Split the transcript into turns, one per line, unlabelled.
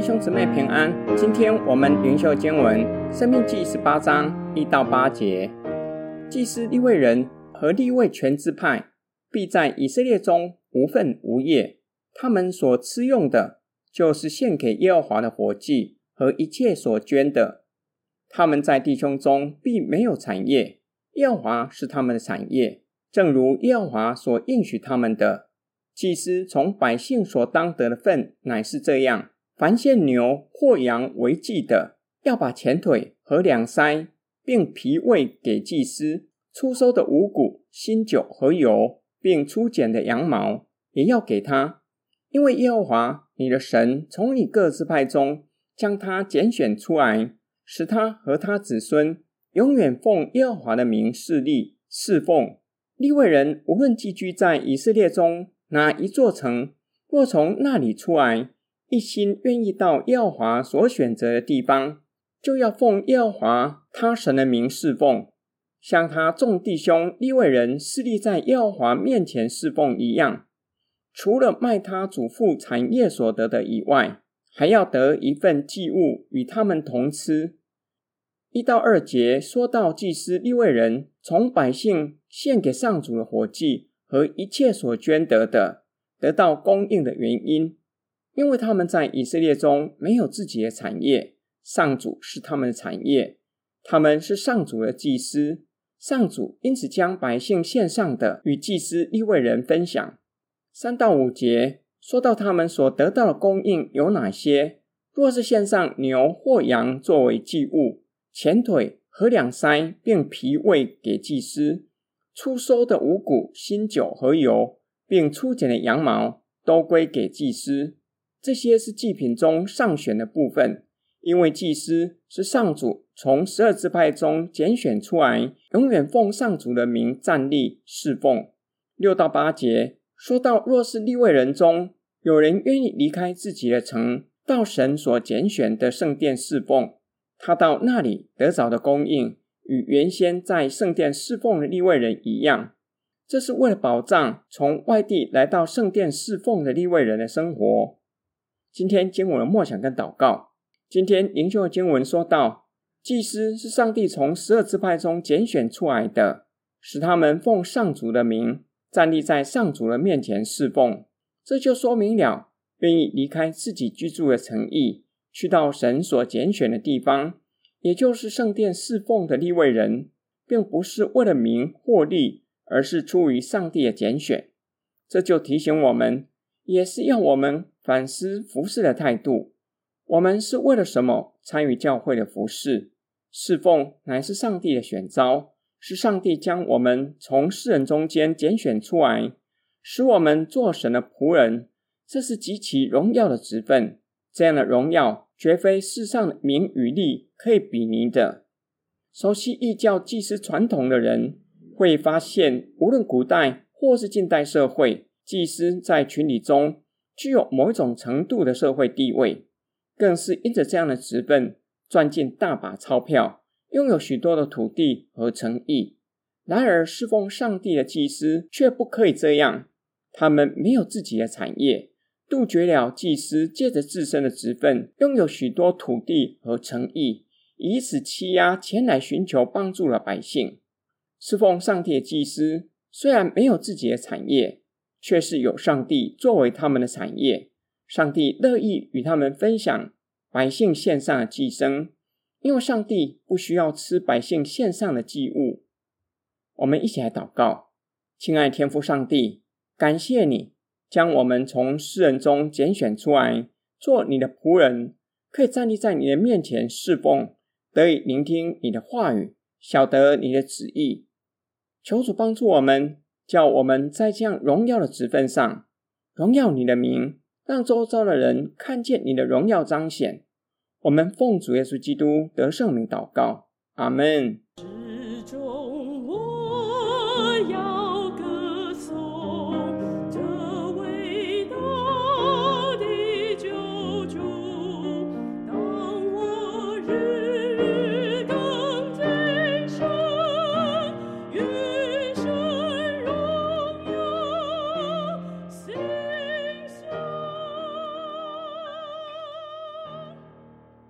弟兄姊妹平安，今天我們靈修經文《申命記》十八章一到八節。祭司利未人和利未全支派，必在以色列中無分無業。他們所吃用的，就是獻給耶和華的火祭和一切所捐的。他們在弟兄中必沒有產業，耶和華是他們的產業，正如耶和華所應許他們的。祭司從百姓所當得的分，乃是這樣。凡獻牛或羊為祭的，要把前腿和兩腮，並脾胃給祭司；初收的五穀、新酒和油，並初剪的羊毛，也要給他。因為耶和華你的神從你各支派中將他揀選出來，使他和他子孫永遠奉耶和華的名侍立事奉。利未人無論寄居在以色列中哪一座城，若從那裡出來，一心願意到耶和華所選擇的地方，就要奉耶和華他神的名事奉，像他眾弟兄利未人侍立在耶和華面前事奉一樣。除了賣他祖父產業所得的以外，還要得一份祭物與他們同吃。一到二節說到祭司利未人從百姓獻給上主的火祭和一切所捐得的，得到供應的原因。因為他們在以色列中沒有自己的產業，上主是他們的產業，他們是上主的祭司。上主因此將百姓獻上的與祭司利未人分享。三到五節說到他們所得到的供應有哪些？若是獻上牛或羊作為祭物，前腿和兩腮並脾胃給祭司，初收的五谷、新酒和油，並初剪的羊毛都歸給祭司。這些是祭品中上選的部分，因為祭司是上主從十二支派中揀選出來，永遠奉上主的名站立侍奉。六到八節說到，若是利未人中有人願意離開自己的城，到神所揀選的聖殿侍奉，他到那裡得著的供應，與原先在聖殿侍奉的利未人一樣。這是為了保障從外地來到聖殿侍奉的利未人的生活。今天經文的默想跟禱告。今天靈修的經文說到，祭司是上帝從十二支派中揀選出來的，使他們奉上主的名站立在上主的面前侍奉。這就說明了，願意離開自己居住的城邑，去到神所揀選的地方，也就是聖殿侍奉的利未人，並不是為了名或利，而是出於上帝的揀選。這就提醒我們。也是要我們反思服事的態度。我們是為了什麼參與教會的服事？侍奉乃是上帝的選召，是上帝將我們從世人中間揀選出來，使我們做神的僕人。這是極其榮耀的職分。這樣的榮耀絕非世上的名與利可以比擬的。熟悉異教祭司傳統的人會發現，無論古代或是近代社會，祭司在群體中具有某一種程度的社會地位，更是因着這樣的職份賺進大把鈔票，擁有許多的土地和城邑。然而，侍奉上帝的祭司卻不可以這樣，他們沒有自己的產業，杜絕了祭司借着自身的職份擁有許多土地和城邑，以此欺壓前來尋求幫助的百姓。侍奉上帝的祭司雖然沒有自己的產業，卻是有上帝作為他們的產業，上帝樂意與他們分享百姓獻上的祭牲，因為上帝不需要吃百姓獻上的祭物。我們一起來禱告，親愛的天父上帝，感謝你將我們從世人中揀選出來，做你的僕人，可以站立在你的面前侍奉，得以聆聽你的話語，曉得你的旨意。求主幫助我們。叫我們在這樣榮耀的職份上，榮耀你的名，讓周遭的人看見你的榮耀彰顯。我們奉主耶穌基督的聖名禱告，阿門。